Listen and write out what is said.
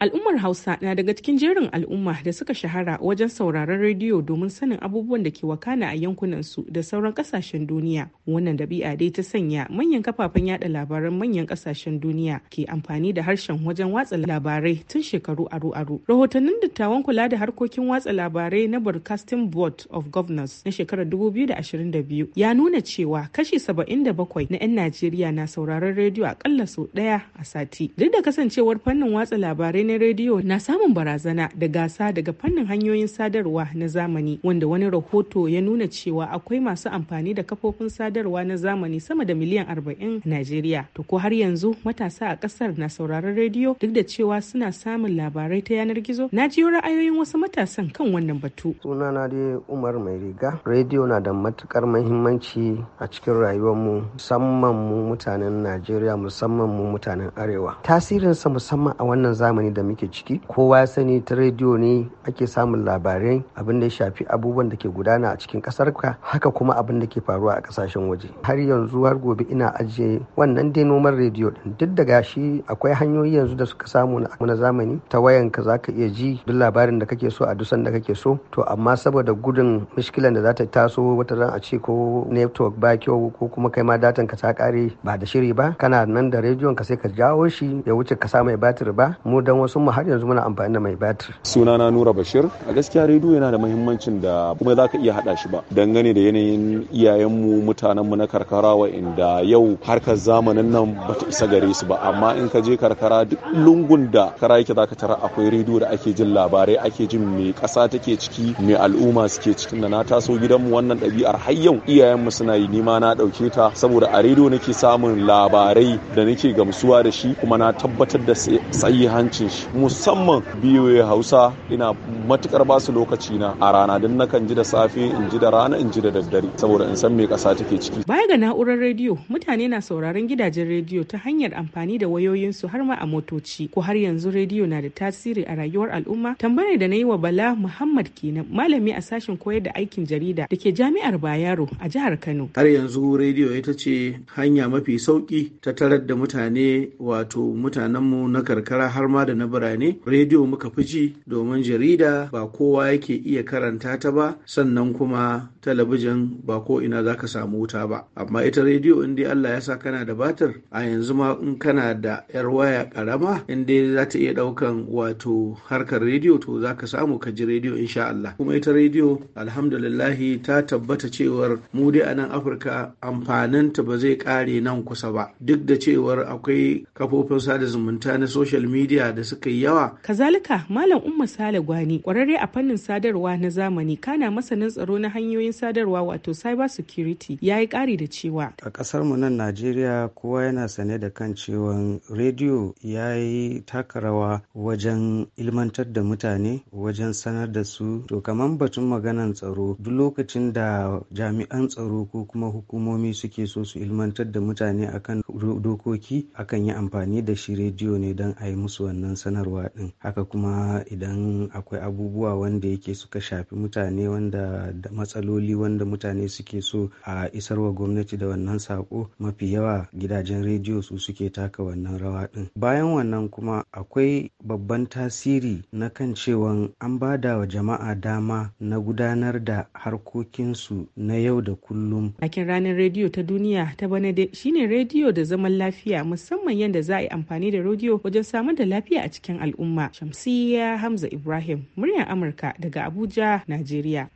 Al'ummar Hausa na daga cikin jerin al'umma da suka shahara wajen sauraron rediyo domin sanin abubuwan da ke wakana a yankunansu da sauran kasashen duniya. Wannan dabi'a dai ta sanya manyan kafafen yada labaran manyan kasashen duniya ke amfani da harshen wajen watsa labarai tun shekaru aru-aru. Rahotannin dattawan kula da harkokin watsa labarai na Broadcasting Board of Governors na shekarar 2022 ya nuna cewa kashi 77 na 'yan Najeriya na sauraron rediyo a akalla sau ɗaya a sati. Duk da kasancewar fannin watsa labarai na rediyo na samun barazana da gasa daga fannin hanyoyin sadarwa na zamani wanda wani rahoto ya nuna cewa akwai masu amfani da kafofin sadarwa na zamani sama da miliyan 40 a Najeriya. To ko har yanzu matasa a ƙasar na sauraron rediyo duk da cewa suna samun labarai ta yanar gizo? Na ji ra'ayoyin wasu matasan kan wannan batu. Sunana dai Umar Mai Riga. Rediyo na da matukar muhimmanci a cikin rayuwarmu musamman mu mutanen Najeriya musamman mu mutanen Arewa. Tasirinsa musamman a wannan zamani da muke ciki kowa ya sani ta rediyo ne ake samun labarai abin da ya shafi abubuwan da ke gudana a cikin kasar ka haka kuma abin da ke faruwa a kasashen waje har yanzu har gobe ina ajiye wannan dai noman rediyo din duk da gashi akwai hanyoyi yanzu da suka samu na zamani ta wayan ka zaka iya ji duk labarin da kake so a dusan da kake so to amma saboda gudun mishkilan da za ta taso wata ran a ce ko network ba kyau ko kuma kai ma datan ka ta kare ba da shiri ba kana nan da rediyon ka sai ka jawo shi ya wuce ka sa mai batir ba mu dan wasu mu har yanzu muna amfani da mai batir na nura bashir a gaskiya rediyo yana da muhimmancin da kuma za ka iya haɗa shi ba dangane da yanayin iyayenmu mutanenmu na karkara wa'inda yau harkar zamanin nan ba ta isa gare su ba amma in ka je karkara duk lungun da kara yake za ka tara akwai rediyo da ake jin labarai ake jin me ƙasa take ciki me al'umma suke cikin da na taso gidanmu wannan ɗabi'ar har yau iyayenmu suna yi nima na ɗauke ta saboda a rediyo nake samun labarai da nake gamsuwa da shi kuma na tabbatar da sahihancin musamman biyoyi hausa ina matukar ba su lokaci na a rana don kan ji da safe in ji da rana in ji da daddare saboda in san me kasa take ciki baya ga na'urar rediyo mutane na sauraron gidajen rediyo ta hanyar amfani da wayoyinsu har ma a motoci ko har yanzu rediyo na da tasiri a rayuwar al'umma tambaye da na yi wa bala muhammad kenan malami a sashen koyar da aikin jarida da ke jami'ar bayero a jihar kano har yanzu rediyo ita ce hanya mafi sauki ta tarar da mutane wato mutanenmu na karkara har ma da na birane rediyo muka fi ji domin jarida ba kowa yake iya karanta ta ba sannan kuma talabijin ba ko ina za ka samu wuta ba amma ita rediyo in dai Allah ya sa kana da batir a yanzu ma in kana da yar waya karama in dai za ta iya daukan wato harkar rediyo to za ka samu ka ji rediyo insha Allah kuma ita rediyo alhamdulillah ta tabbata cewar mu dai a nan Afirka amfaninta ba zai kare nan kusa ba duk da cewar akwai kafofin sada zumunta na social media da suka suka yi yawa. Kazalika Malam Umma Sale Gwani kwararre a fannin sadarwa na zamani kana masanin tsaro na hanyoyin sadarwa wato cyber security ya yi ƙari da cewa. A ƙasar mu nan Najeriya kowa yana sane da kan cewa rediyo ya yi taka rawa wajen ilmantar da mutane wajen sanar da su to kamar batun maganan tsaro duk lokacin da jami'an tsaro ko kuma hukumomi suke so su ilmantar da mutane akan dokoki akan yi amfani da shi rediyo ne don a yi musu wannan sanarwa ɗin haka kuma idan akwai abubuwa wanda yake suka shafi mutane wanda da matsaloli wanda mutane suke so a isarwa gwamnati da wannan sako mafi yawa gidajen rediyo su suke taka wannan rawa ɗin bayan wannan kuma akwai babban tasiri na kan cewa an ba da wa jama'a dama na gudanar da harkokinsu na yau da kullum bakin ranar rediyo ta duniya ta bana shine rediyo da zaman lafiya musamman yadda za a yi amfani da rediyo wajen samar da lafiya a cikin al'umma. Shamsiyya Hamza Ibrahim, muryar Amurka daga Abuja, Najeriya.